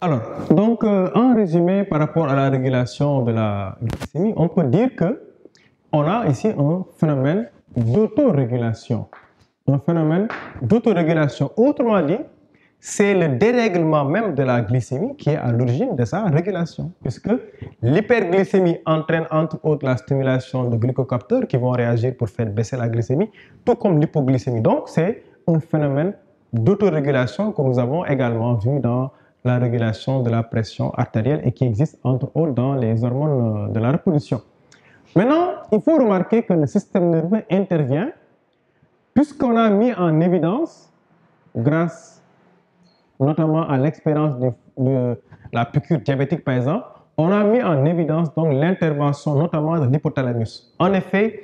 Alors donc euh, en résumé par rapport à la régulation de la glycémie on peut dire que on a ici un phénomène d'autorégulation un phénomène d'autorégulation autrement dit c'est le dérèglement même de la glycémie qui est à l'origine de sa régulation, puisque l'hyperglycémie entraîne entre autres la stimulation de glucocapteurs qui vont réagir pour faire baisser la glycémie, tout comme l'hypoglycémie. Donc c'est un phénomène d'autorégulation que nous avons également vu dans la régulation de la pression artérielle et qui existe entre autres dans les hormones euh, de la reproduction. Maintenant, il faut remarquer que le système nerveux intervient puisqu'on a mis en évidence, grâce notamment à l'expérience de, la piqûre diabétique par exemple, on a mis en évidence donc l'intervention notamment de l'hypothalamus. En effet,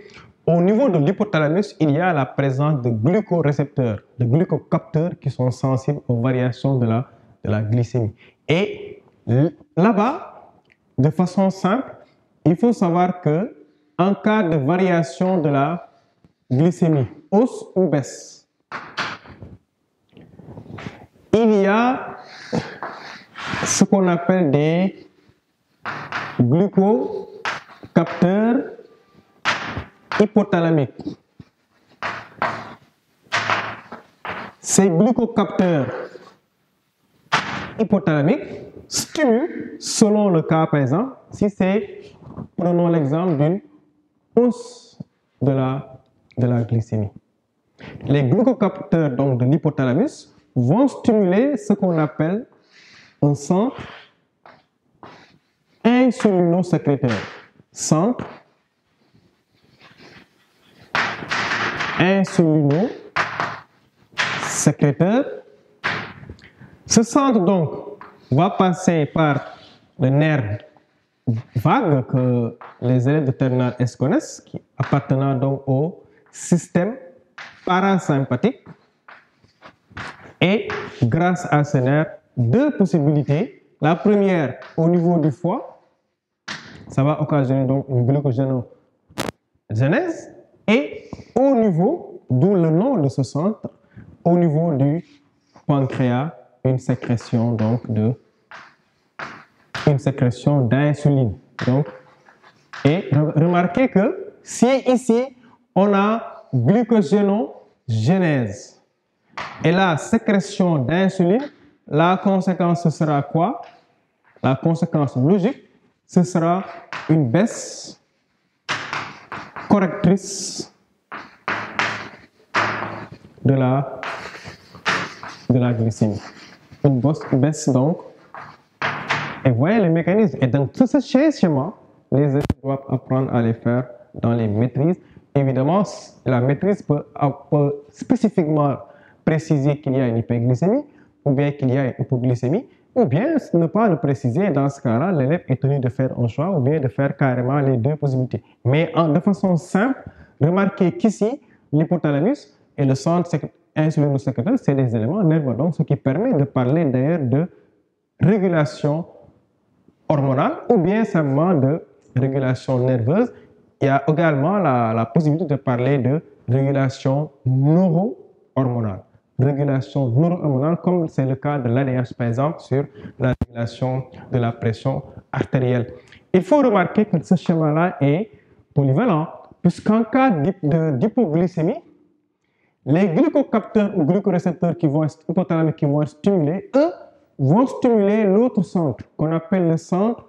au niveau de l'hypothalamus, il y a la présence de glucorécepteurs, de glucocapteurs qui sont sensibles aux variations de la, de la glycémie. Et là-bas, de façon simple, il faut savoir que en cas de variation de la glycémie, hausse ou baisse, ce qu'on appelle des glucocapteurs hypothalamiques. Ces glucocapteurs hypothalamiques stimulent, selon le cas présent, si c'est, prenons l'exemple d'une hausse de la, de la glycémie. Les glucocapteurs donc, de l'hypothalamus vont stimuler ce qu'on appelle un centre insulinosecrétaire. Centre insulinosecrétaire. Ce centre, donc, va passer par le nerf vague que les élèves de terminale S connaissent, qui appartenant donc au système parasympathique et grâce à ce nerf, deux possibilités. La première, au niveau du foie, ça va occasionner donc une glucogénogenèse. Et au niveau, d'où le nom de ce centre, au niveau du pancréas, une sécrétion donc de une sécrétion d'insuline. Donc, et remarquez que si ici on a glucogénogenèse, et la sécrétion d'insuline, la conséquence, ce sera quoi La conséquence logique, ce sera une baisse correctrice de la, de la glycémie. Une baisse donc. Et voyez les mécanismes. Et donc, tous ce schémas, les élèves doivent apprendre à les faire dans les maîtrises. Évidemment, la maîtrise peut, peut spécifiquement préciser qu'il y a une hypoglycémie ou bien qu'il y a une hypoglycémie ou bien ne pas le préciser. Dans ce cas-là, l'élève est tenu de faire un choix ou bien de faire carrément les deux possibilités. Mais de façon simple, remarquez qu'ici, l'hypothalamus et le centre insulino-sécréteur, c'est des éléments nerveux. Donc, ce qui permet de parler d'ailleurs de régulation hormonale ou bien simplement de régulation nerveuse. Il y a également la, la possibilité de parler de régulation neuro-hormonale régulation neuro-hormonale, comme c'est le cas de l'ADH, par exemple, sur la régulation de la pression artérielle. Il faut remarquer que ce schéma-là est polyvalent, puisqu'en cas d'hypoglycémie, les glucocapteurs ou glucorécepteurs qui vont hypothalamiques qui vont être stimulés, eux, vont stimuler l'autre centre qu'on appelle le centre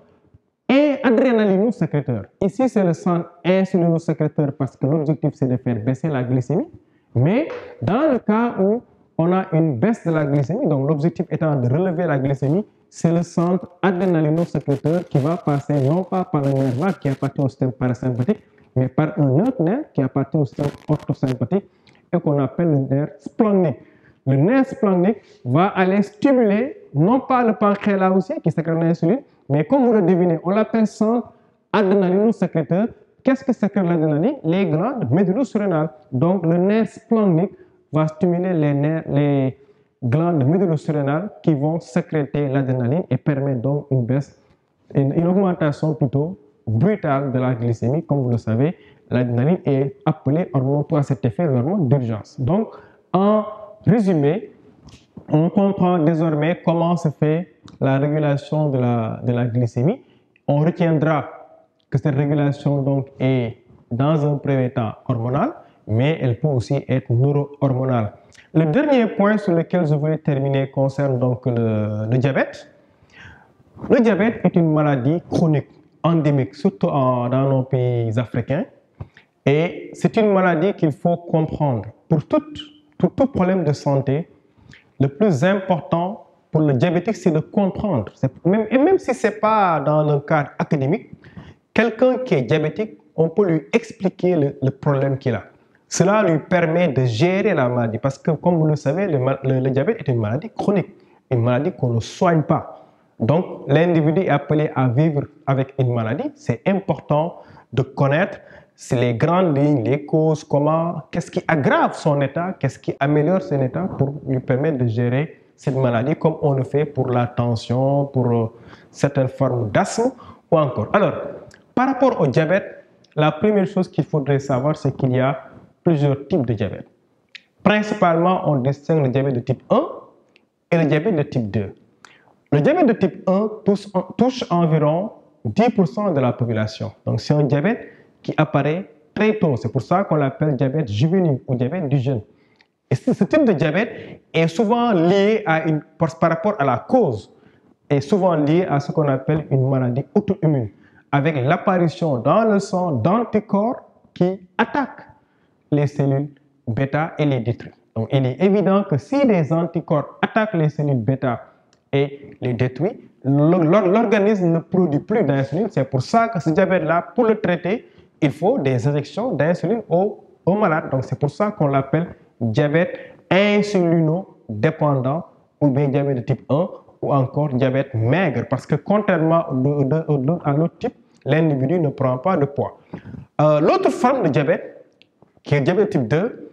adrénalino-sécréteur. Ici, c'est le centre insulino-sécréteur parce que l'objectif, c'est de faire baisser la glycémie. Mais dans le cas où on a une baisse de la glycémie. Donc, l'objectif étant de relever la glycémie, c'est le centre sécréteur qui va passer non pas par le nerf vague qui appartient au système parasympathique, mais par un autre nerf qui appartient au système orthosympathique et qu'on appelle le nerf splenique. Le nerf splenique va aller stimuler non pas le pancréas aussi qui sécrète l'insuline, mais comme vous le devinez, on l'appelle centre sécréteur. Qu'est-ce que sécrète l'adénaline Les glandes surrénales, Donc, le nerf splenique va stimuler les, les glandes médulosurrénales qui vont sécréter l'adrénaline et permet donc une baisse, une, augmentation plutôt brutale de la glycémie. Comme vous le savez, l'adrénaline est appelée hormone pour cet effet, l'hormone d'urgence. Donc, en résumé, on comprend désormais comment se fait la régulation de la, de la glycémie. On retiendra que cette régulation donc est dans un premier hormonal mais elle peut aussi être neuro-hormonale. Le dernier point sur lequel je voulais terminer concerne donc le, diabète. Le diabète est une maladie chronique, endémique, surtout dans nos pays africains. Et c'est une maladie qu'il faut comprendre. Pour tout, problème de santé, le plus important pour le diabétique, c'est de comprendre. et même si ce n'est pas dans le cadre académique, quelqu'un qui est diabétique, on peut lui expliquer le problème qu'il a. Cela lui permet de gérer la maladie parce que, comme vous le savez, le, diabète est une maladie chronique, une maladie qu'on ne soigne pas. Donc, l'individu est appelé à vivre avec une maladie. C'est important de connaître les grandes lignes, les causes, comment, qu'est-ce qui aggrave son état, qu'est-ce qui améliore son état pour lui permettre de gérer cette maladie comme on le fait pour la tension, pour euh, certaines formes d'asthme ou encore. Alors, par rapport au diabète, la première chose qu'il faudrait savoir, c'est qu'il y a plusieurs types de diabète. Principalement, on distingue le diabète de type 1 et le diabète de type 2. Le diabète de type 1 touche, environ 10% de la population. Donc c'est un diabète qui apparaît très tôt. C'est pour ça qu'on l'appelle diabète juvénile ou diabète du jeune. Et ce type de diabète est souvent lié à une, par rapport à la cause, est souvent lié à ce qu'on appelle une maladie auto-immune, avec l'apparition dans le sang d'anticorps qui attaquent les cellules bêta et les détruit. Donc il est évident que si des anticorps attaquent les cellules bêta et les détruit, l'organisme ne produit plus d'insuline. C'est pour ça que ce diabète-là, pour le traiter, il faut des injections d'insuline aux, malades. Donc c'est pour ça qu'on l'appelle diabète insulino-dépendant ou bien diabète de type 1 ou encore diabète maigre parce que contrairement à l'autre type, l'individu ne prend pas de poids. Euh, l'autre forme de diabète, qui est le diabète type 2,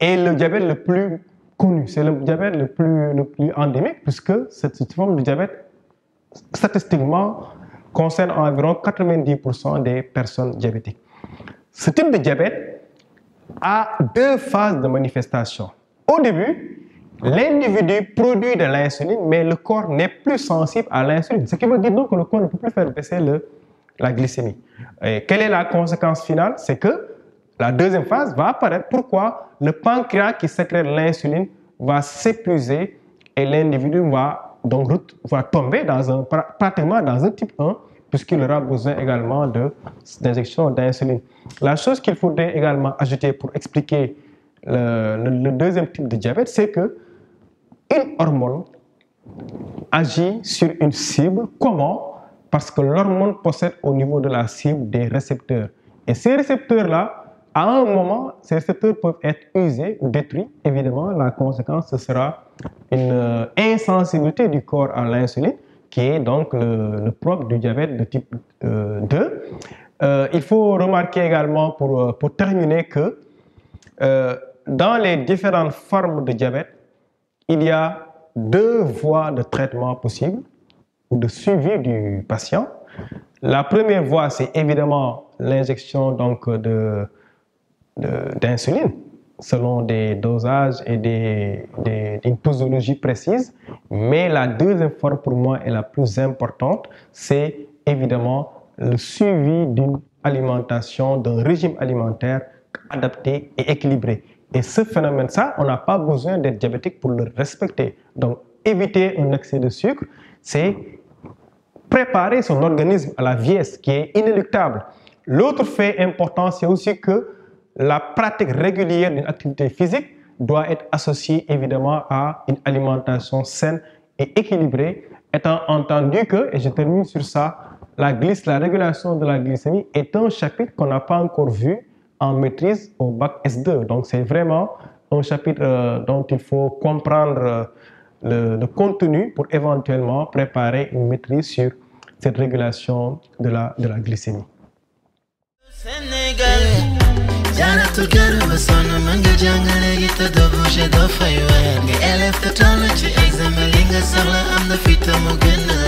est le diabète le plus connu, c'est le diabète le plus, le plus endémique, puisque cette forme de diabète, statistiquement, concerne environ 90% des personnes diabétiques. Ce type de diabète a deux phases de manifestation. Au début, l'individu produit de l'insuline, mais le corps n'est plus sensible à l'insuline, ce qui veut dire donc que le corps ne peut plus faire baisser la glycémie. Et quelle est la conséquence finale C'est que la deuxième phase va apparaître. Pourquoi Le pancréas qui sécrète l'insuline va s'épuiser et l'individu va donc va tomber dans un, pratiquement dans un type 1 puisqu'il aura besoin également d'injection d'insuline. La chose qu'il faudrait également ajouter pour expliquer le, le deuxième type de diabète, c'est que une hormone agit sur une cible. Comment Parce que l'hormone possède au niveau de la cible des récepteurs. Et ces récepteurs-là à un moment, ces secteurs peuvent être usés ou détruits. Évidemment, la conséquence, ce sera une euh, insensibilité du corps à l'insuline, qui est donc le, propre du diabète de type 2. Euh, euh, il faut remarquer également, pour, pour terminer, que dans les différentes formes de diabète, il y a deux voies de traitement possibles ou de suivi du patient. La première voie, c'est évidemment l'injection donc de d'insuline selon des dosages et des, des, une posologie précise. Mais la deuxième forme pour moi est la plus importante, c'est évidemment le suivi d'une alimentation, d'un régime alimentaire adapté et équilibré. Et ce phénomène-là, on n'a pas besoin d'être diabétique pour le respecter. Donc, éviter un excès de sucre, c'est préparer son organisme à la vieillesse qui est inéluctable. L'autre fait important, c'est aussi que la pratique régulière d'une activité physique doit être associée évidemment à une alimentation saine et équilibrée, étant entendu que, et je termine sur ça, la, régulation de la glycémie est un chapitre qu'on n'a pas encore vu en maîtrise au bac S2. Donc c'est vraiment un chapitre euh, dont il faut comprendre euh, le, contenu pour éventuellement préparer une maîtrise sur cette régulation de la glycémie. جانت الكرم سنة منجا جانجل يتدبو شدو فيوان جي ألف تتولى تي أيزا ملينجا سغلا أمنا في تمو جنان